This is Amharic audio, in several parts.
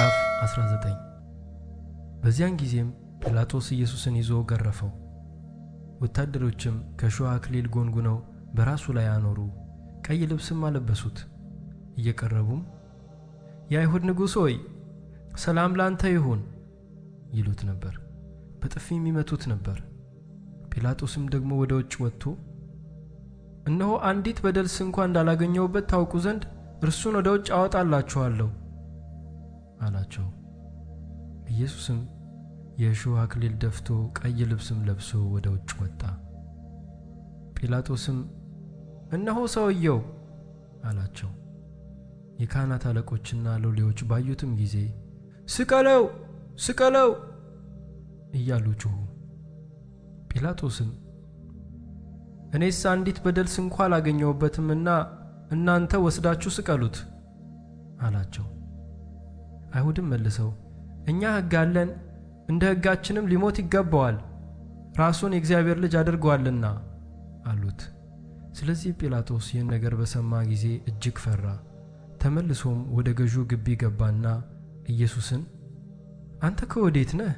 ምዕራፍ 19 በዚያን ጊዜም ጲላጦስ ኢየሱስን ይዞ ገረፈው። ወታደሮችም ከእሾህ አክሊል ጎንጉነው በራሱ ላይ አኖሩ፣ ቀይ ልብስም አለበሱት። እየቀረቡም የአይሁድ ንጉሥ ሆይ ሰላም ላንተ ይሁን ይሉት ነበር፣ በጥፊም ይመቱት ነበር። ጲላጦስም ደግሞ ወደ ውጭ ወጥቶ እነሆ አንዲት በደልስ እንኳ እንዳላገኘውበት ታውቁ ዘንድ እርሱን ወደ ውጭ አወጣላችኋለሁ አላቸው። ኢየሱስም የእሾህ አክሊል ደፍቶ ቀይ ልብስም ለብሶ ወደ ውጭ ወጣ። ጲላጦስም እነሆ ሰውየው አላቸው። የካህናት አለቆችና ሎሌዎች ባዩትም ጊዜ ስቀለው፣ ስቀለው እያሉ ጮኹ። ጲላጦስም እኔስ አንዲት በደልስ እንኳ አላገኘሁበትምና እናንተ ወስዳችሁ ስቀሉት አላቸው። አይሁድም መልሰው እኛ ሕግ አለን፣ እንደ ሕጋችንም ሊሞት ይገባዋል፣ ራሱን የእግዚአብሔር ልጅ አድርጓልና አሉት። ስለዚህ ጲላጦስ ይህን ነገር በሰማ ጊዜ እጅግ ፈራ። ተመልሶም ወደ ገዡ ግቢ ገባና ኢየሱስን አንተ ከወዴት ነህ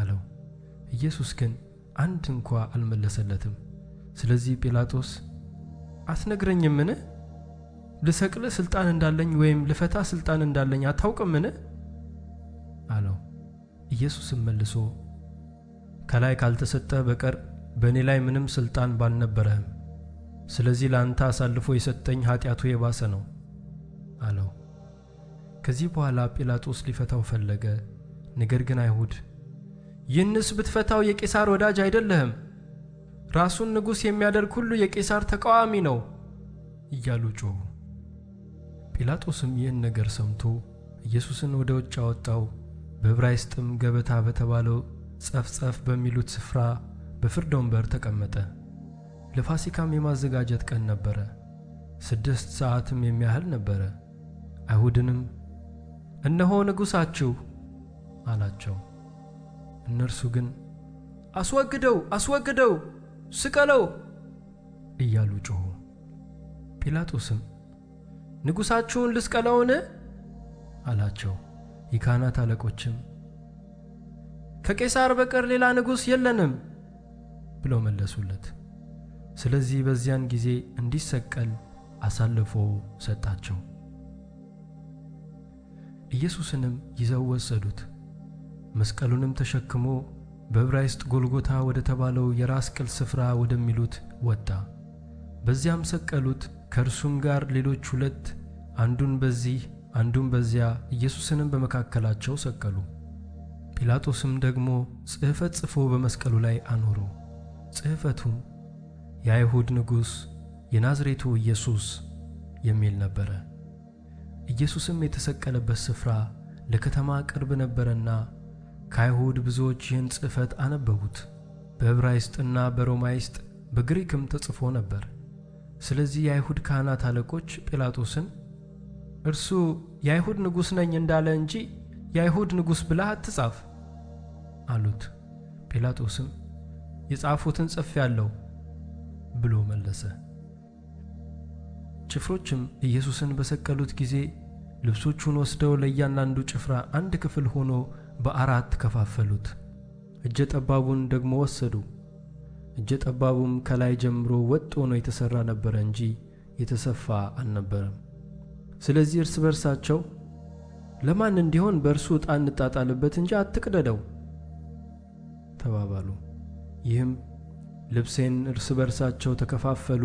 አለው። ኢየሱስ ግን አንድ እንኳ አልመለሰለትም። ስለዚህ ጲላጦስ አትነግረኝምን? ልሰቅል ስልጣን እንዳለኝ ወይም ልፈታ ስልጣን እንዳለኝ አታውቅምን አለው ኢየሱስም መልሶ ከላይ ካልተሰጠ በቀር በእኔ ላይ ምንም ስልጣን ባልነበረህም ስለዚህ ለአንተ አሳልፎ የሰጠኝ ኃጢአቱ የባሰ ነው አለው ከዚህ በኋላ ጲላጦስ ሊፈታው ፈለገ ነገር ግን አይሁድ ይህንስ ብትፈታው የቄሳር ወዳጅ አይደለህም ራሱን ንጉሥ የሚያደርግ ሁሉ የቄሳር ተቃዋሚ ነው እያሉ ጮኹ ጲላጦስም ይህን ነገር ሰምቶ ኢየሱስን ወደ ውጭ አወጣው። በዕብራይስጥም ገበታ በተባለው ጸፍጸፍ በሚሉት ስፍራ በፍርድ ወንበር ተቀመጠ። ለፋሲካም የማዘጋጀት ቀን ነበረ። ስድስት ሰዓትም የሚያህል ነበረ። አይሁድንም እነሆ ንጉሣችሁ አላቸው። እነርሱ ግን አስወግደው፣ አስወግደው፣ ስቀለው እያሉ ጮኹ። ጲላጦስም ንጉሣችሁን ልስቀለውን? አላቸው። የካህናት አለቆችም ከቄሳር በቀር ሌላ ንጉሥ የለንም ብለው መለሱለት። ስለዚህ በዚያን ጊዜ እንዲሰቀል አሳልፎ ሰጣቸው። ኢየሱስንም ይዘው ወሰዱት። መስቀሉንም ተሸክሞ በዕብራይስጥ ጎልጎታ ወደ ተባለው የራስ ቅል ስፍራ ወደሚሉት ወጣ። በዚያም ሰቀሉት። ከእርሱም ጋር ሌሎች ሁለት አንዱን በዚህ አንዱን በዚያ ኢየሱስንም በመካከላቸው ሰቀሉ። ጲላጦስም ደግሞ ጽሕፈት ጽፎ በመስቀሉ ላይ አኖረው። ጽሕፈቱም የአይሁድ ንጉሥ የናዝሬቱ ኢየሱስ የሚል ነበረ። ኢየሱስም የተሰቀለበት ስፍራ ለከተማ ቅርብ ነበረና ከአይሁድ ብዙዎች ይህን ጽሕፈት አነበቡት። በዕብራይስጥና በሮማይስጥ በግሪክም ተጽፎ ነበር። ስለዚህ የአይሁድ ካህናት አለቆች ጲላጦስን እርሱ የአይሁድ ንጉሥ ነኝ እንዳለ እንጂ የአይሁድ ንጉሥ ብለህ አትጻፍ አሉት። ጲላጦስም የጻፉትን ያለው ብሎ መለሰ። ጭፍሮችም ኢየሱስን በሰቀሉት ጊዜ ልብሶቹን ወስደው ለእያንዳንዱ ጭፍራ አንድ ክፍል ሆኖ በአራት ከፋፈሉት። እጀ ጠባቡን ደግሞ ወሰዱ። እጀ ጠባቡም ከላይ ጀምሮ ወጥ ሆኖ የተሠራ ነበረ እንጂ የተሰፋ አልነበረም። ስለዚህ እርስ በርሳቸው ለማን እንዲሆን በእርሱ ዕጣ እንጣጣልበት እንጂ አትቅደደው ተባባሉ። ይህም ልብሴን እርስ በርሳቸው ተከፋፈሉ፣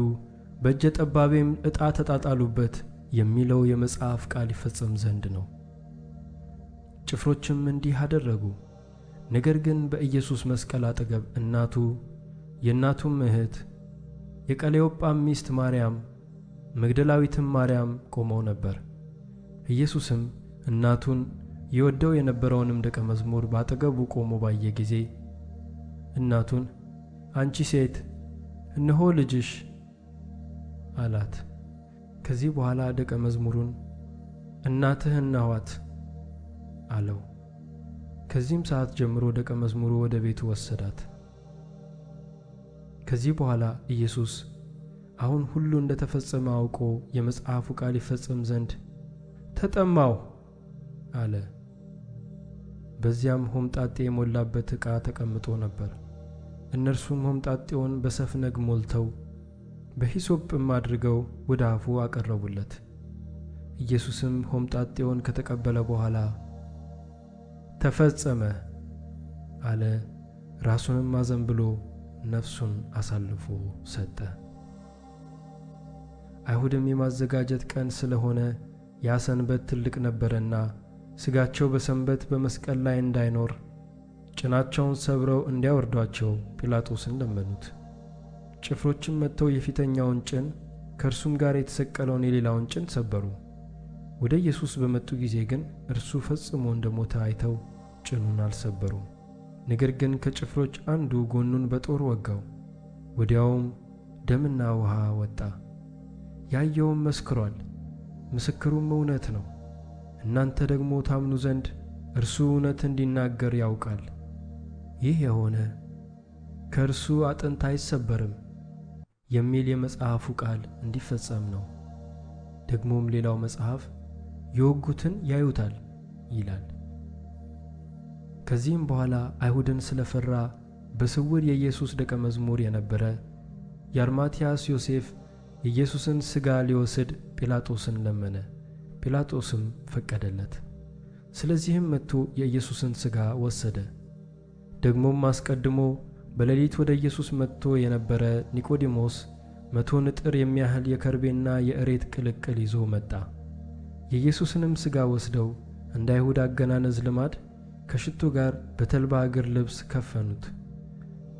በእጀ ጠባቤም ዕጣ ተጣጣሉበት የሚለው የመጽሐፍ ቃል ይፈጸም ዘንድ ነው። ጭፍሮችም እንዲህ አደረጉ። ነገር ግን በኢየሱስ መስቀል አጠገብ እናቱ የእናቱም እህት የቀሌዮጳም ሚስት ማርያም፣ መግደላዊትም ማርያም ቆመው ነበር። ኢየሱስም እናቱን የወደው የነበረውንም ደቀ መዝሙር በአጠገቡ ቆሞ ባየ ጊዜ እናቱን አንቺ ሴት እነሆ ልጅሽ አላት። ከዚህ በኋላ ደቀ መዝሙሩን እናትህ ናዋት አለው። ከዚህም ሰዓት ጀምሮ ደቀ መዝሙሩ ወደ ቤቱ ወሰዳት። ከዚህ በኋላ ኢየሱስ አሁን ሁሉ እንደ ተፈጸመ አውቆ የመጽሐፉ ቃል ይፈጸም ዘንድ ተጠማሁ አለ። በዚያም ሆምጣጤ የሞላበት ዕቃ ተቀምጦ ነበር። እነርሱም ሆምጣጤውን በሰፍነግ ሞልተው በሂሶጵም አድርገው ወደ አፉ አቀረቡለት። ኢየሱስም ሆምጣጤውን ከተቀበለ በኋላ ተፈጸመ አለ። ራሱንም አዘንብሎ ነፍሱን አሳልፎ ሰጠ። አይሁድም የማዘጋጀት ቀን ስለሆነ ያ ሰንበት ትልቅ ነበረና ሥጋቸው በሰንበት በመስቀል ላይ እንዳይኖር ጭናቸውን ሰብረው እንዲያወርዷቸው ጲላጦስን ለመኑት። ጭፍሮችም መጥተው የፊተኛውን ጭን ከእርሱም ጋር የተሰቀለውን የሌላውን ጭን ሰበሩ። ወደ ኢየሱስ በመጡ ጊዜ ግን እርሱ ፈጽሞ እንደሞተ አይተው ጭኑን አልሰበሩም። ነገር ግን ከጭፍሮች አንዱ ጎኑን በጦር ወጋው፣ ወዲያውም ደምና ውሃ ወጣ። ያየውም መስክሯል፣ ምስክሩም እውነት ነው። እናንተ ደግሞ ታምኑ ዘንድ እርሱ እውነት እንዲናገር ያውቃል። ይህ የሆነ ከእርሱ አጥንት አይሰበርም የሚል የመጽሐፉ ቃል እንዲፈጸም ነው። ደግሞም ሌላው መጽሐፍ የወጉትን ያዩታል ይላል። ከዚህም በኋላ አይሁድን ስለፈራ በስውር የኢየሱስ ደቀ መዝሙር የነበረ የአርማትያስ ዮሴፍ የኢየሱስን ሥጋ ሊወስድ ጲላጦስን ለመነ። ጲላጦስም ፈቀደለት። ስለዚህም መጥቶ የኢየሱስን ሥጋ ወሰደ። ደግሞም አስቀድሞ በሌሊት ወደ ኢየሱስ መጥቶ የነበረ ኒቆዲሞስ መቶ ንጥር የሚያህል የከርቤና የእሬት ቅልቅል ይዞ መጣ። የኢየሱስንም ሥጋ ወስደው እንደ አይሁድ አገናነዝ ልማድ ከሽቱ ጋር በተልባ እግር ልብስ ከፈኑት።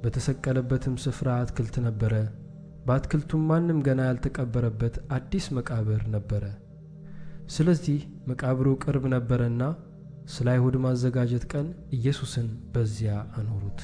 በተሰቀለበትም ስፍራ አትክልት ነበረ። በአትክልቱም ማንም ገና ያልተቀበረበት አዲስ መቃብር ነበረ። ስለዚህ መቃብሩ ቅርብ ነበረና ስለ አይሁድ ማዘጋጀት ቀን ኢየሱስን በዚያ አኖሩት።